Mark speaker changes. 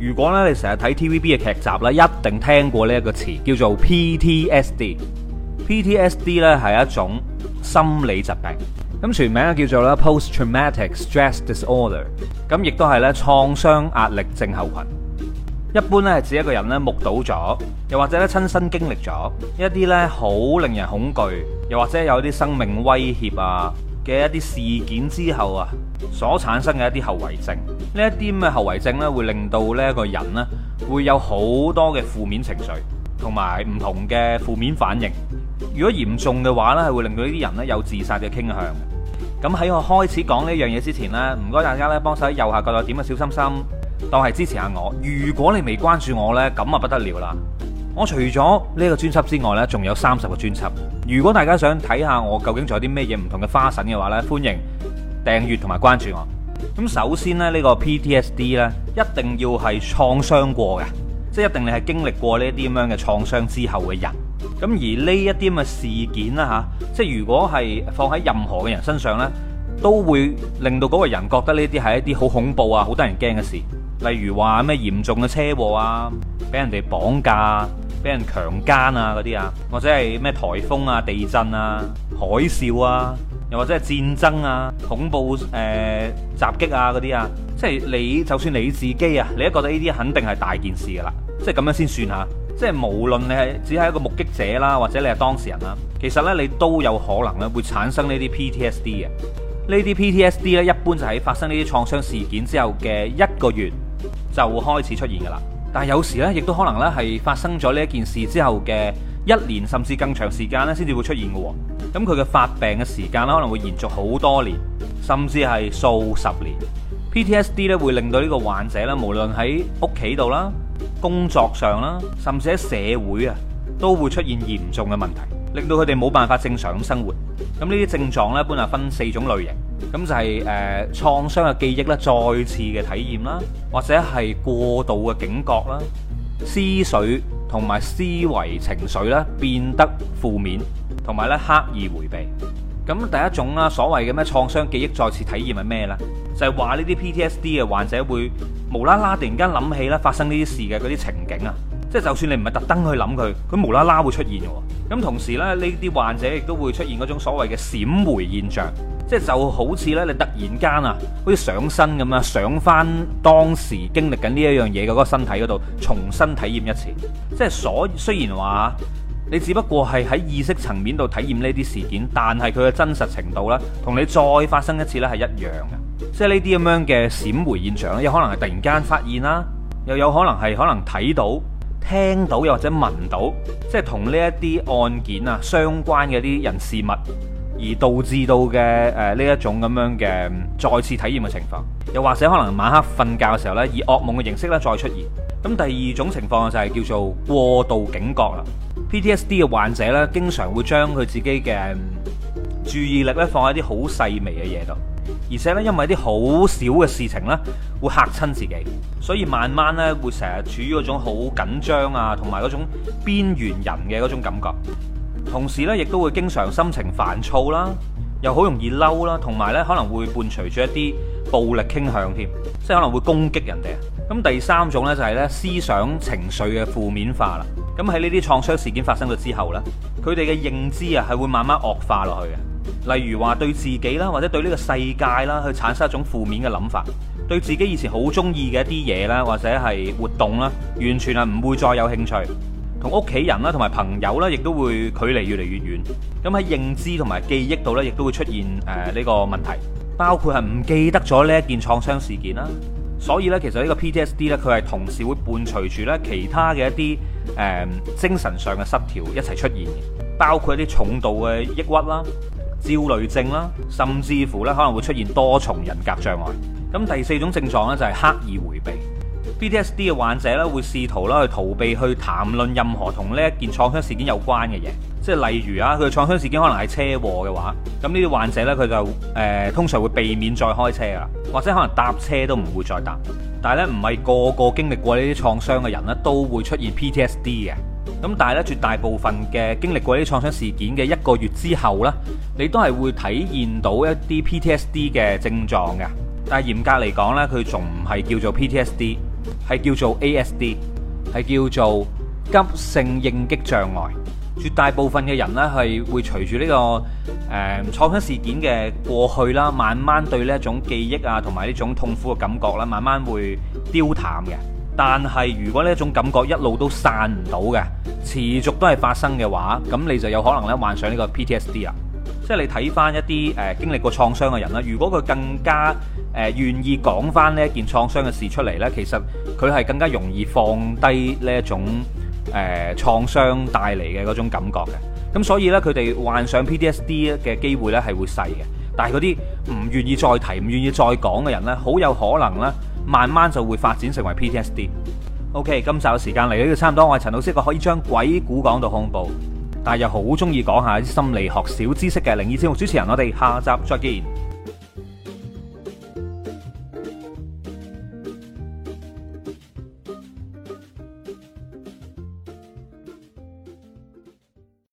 Speaker 1: 如果咧你成日睇 TVB 嘅劇集咧，一定聽過呢一個詞叫做 PTSD。PTSD 咧係一種心理疾病，咁全名叫做咧 Post Traumatic Stress Disorder，咁亦都係咧創傷壓力症候群。一般咧係指一個人咧目睹咗，又或者咧親身經歷咗一啲咧好令人恐懼，又或者有啲生命威脅啊。嘅一啲事件之後啊，所產生嘅一啲後遺症，呢一啲咩後遺症咧，會令到呢一個人咧會有好多嘅負面情緒，同埋唔同嘅負面反應。如果嚴重嘅話呢，係會令到呢啲人咧有自殺嘅傾向。咁喺我開始講呢樣嘢之前呢，唔該大家咧幫手喺右下角度點個小心心，當係支持下我。如果你未關注我呢，咁啊不得了啦。我除咗呢個專輯之外呢，仲有三十個專輯。如果大家想睇下我究竟仲有啲咩嘢唔同嘅花粉嘅話呢，歡迎訂閱同埋關注我。咁首先呢，這個、呢個 PTSD 呢一定要係創傷過嘅，即係一定你係經歷過呢啲咁樣嘅創傷之後嘅人。咁而呢一啲咁嘅事件啦吓、啊，即係如果係放喺任何嘅人身上呢，都會令到嗰個人覺得呢啲係一啲好恐怖啊、好得人驚嘅事。例如話咩嚴重嘅車禍啊，俾人哋綁架、啊俾人強奸啊嗰啲啊，或者係咩颱風啊、地震啊、海嘯啊，又或者係戰爭啊、恐怖誒、呃、襲擊啊嗰啲啊，即係你就算你自己啊，你都覺得呢啲肯定係大件事噶啦，即係咁樣先算嚇。即係無論你係只係一個目擊者啦，或者你係當事人啦，其實呢你都有可能咧會產生呢啲 PTSD 嘅。呢啲 PTSD 咧一般就喺發生呢啲創傷事件之後嘅一個月就開始出現噶啦。但係有時咧，亦都可能咧係發生咗呢一件事之後嘅一年，甚至更長時間咧，先至會出現嘅。咁佢嘅發病嘅時間啦，可能會延續好多年，甚至係數十年。PTSD 咧會令到呢個患者咧，無論喺屋企度啦、工作上啦，甚至喺社會啊，都會出現嚴重嘅問題，令到佢哋冇辦法正常咁生活。咁呢啲症狀咧，一般係分四種類型。咁就係、是、誒、呃、創傷嘅記憶咧，再次嘅體驗啦，或者係過度嘅警覺啦，思緒同埋思維情緒咧變得負面，同埋咧刻意迴避。咁第一種啦，所謂嘅咩創傷記憶再次體驗係咩呢？就係、是、話呢啲 PTSD 嘅患者會無啦啦突然間諗起啦發生呢啲事嘅嗰啲情景啊，即係就算你唔係特登去諗佢，佢無啦啦會出現嘅。咁同時咧，呢啲患者亦都會出現嗰種所謂嘅閃回現象。即係就好似咧，你突然間啊，好似上身咁啊，上翻當時經歷緊呢一樣嘢嘅個身體嗰度，重新體驗一次。即係所雖然話你只不過係喺意識層面度體驗呢啲事件，但係佢嘅真實程度咧，同你再發生一次咧係一樣嘅。即係呢啲咁樣嘅閃回現場咧，有可能係突然間發現啦，又有可能係可能睇到、聽到又或者聞到，即係同呢一啲案件啊相關嘅啲人事物。而導致到嘅誒呢一種咁樣嘅再次體驗嘅情況，又或者可能晚黑瞓覺嘅時候咧，以噩夢嘅形式咧再出現。咁第二種情況就係叫做過度警覺啦。PTSD 嘅患者咧，經常會將佢自己嘅注意力咧放喺啲好細微嘅嘢度，而且咧因為啲好小嘅事情咧會嚇親自己，所以慢慢咧會成日處於嗰種好緊張啊，同埋嗰種邊緣人嘅嗰種感覺。同時咧，亦都會經常心情煩躁啦，又好容易嬲啦，同埋咧可能會伴隨住一啲暴力傾向添，即係可能會攻擊人哋。咁第三種呢，就係咧思想情緒嘅負面化啦。咁喺呢啲創傷事件發生咗之後呢，佢哋嘅認知啊係會慢慢惡化落去嘅。例如話對自己啦，或者對呢個世界啦，去產生一種負面嘅諗法。對自己以前好中意嘅一啲嘢啦，或者係活動啦，完全係唔會再有興趣。同屋企人啦，同埋朋友啦，亦都會距離越嚟越遠。咁喺認知同埋記憶度咧，亦都會出現誒呢、呃呢個問題，包括係唔記得咗呢一件創傷事件啦。所以咧，其實呢個 PTSD 咧，佢係同時會伴隨住咧其他嘅一啲誒、呃、精神上嘅失調一齊出現嘅，包括一啲重度嘅抑鬱啦、焦慮症啦，甚至乎咧可能會出現多重人格障礙。咁第四種症狀咧就係刻意回避。PTSD 嘅患者咧，會試圖啦去逃避去談論任何同呢一件創傷事件有關嘅嘢，即係例如啊，佢嘅創傷事件可能係車禍嘅話，咁呢啲患者咧佢就誒、呃、通常會避免再開車啊，或者可能搭車都唔會再搭。但係咧，唔係個個經歷過呢啲創傷嘅人咧都會出現 PTSD 嘅。咁但係咧，絕大部分嘅經歷過呢啲創傷事件嘅一個月之後呢，你都係會體驗到一啲 PTSD 嘅症狀嘅。但係嚴格嚟講呢，佢仲唔係叫做 PTSD。係叫做 ASD，係叫做急性應激障礙。絕大部分嘅人呢，係會隨住呢個誒創傷事件嘅過去啦，慢慢對呢一種記憶啊同埋呢種痛苦嘅感覺啦，慢慢會凋淡嘅。但係如果呢一種感覺一路都散唔到嘅，持續都係發生嘅話，咁你就有可能咧患上呢個 PTSD 啦。即係你睇翻一啲誒、呃、經歷過創傷嘅人啦，如果佢更加誒願、呃、意講翻呢一件創傷嘅事出嚟呢，其實佢係更加容易放低呢一種誒創傷帶嚟嘅嗰種感覺嘅。咁所以呢，佢哋患上 PTSD 嘅機會呢係會細嘅。但係嗰啲唔願意再提、唔願意再講嘅人呢，好有可能呢，慢慢就會發展成為 PTSD。OK，今集嘅時間嚟到差唔多，我係陳老師，我可以將鬼故講到恐怖，但係又好中意講下心理學小知識嘅靈異節目主持人，我哋下集再見。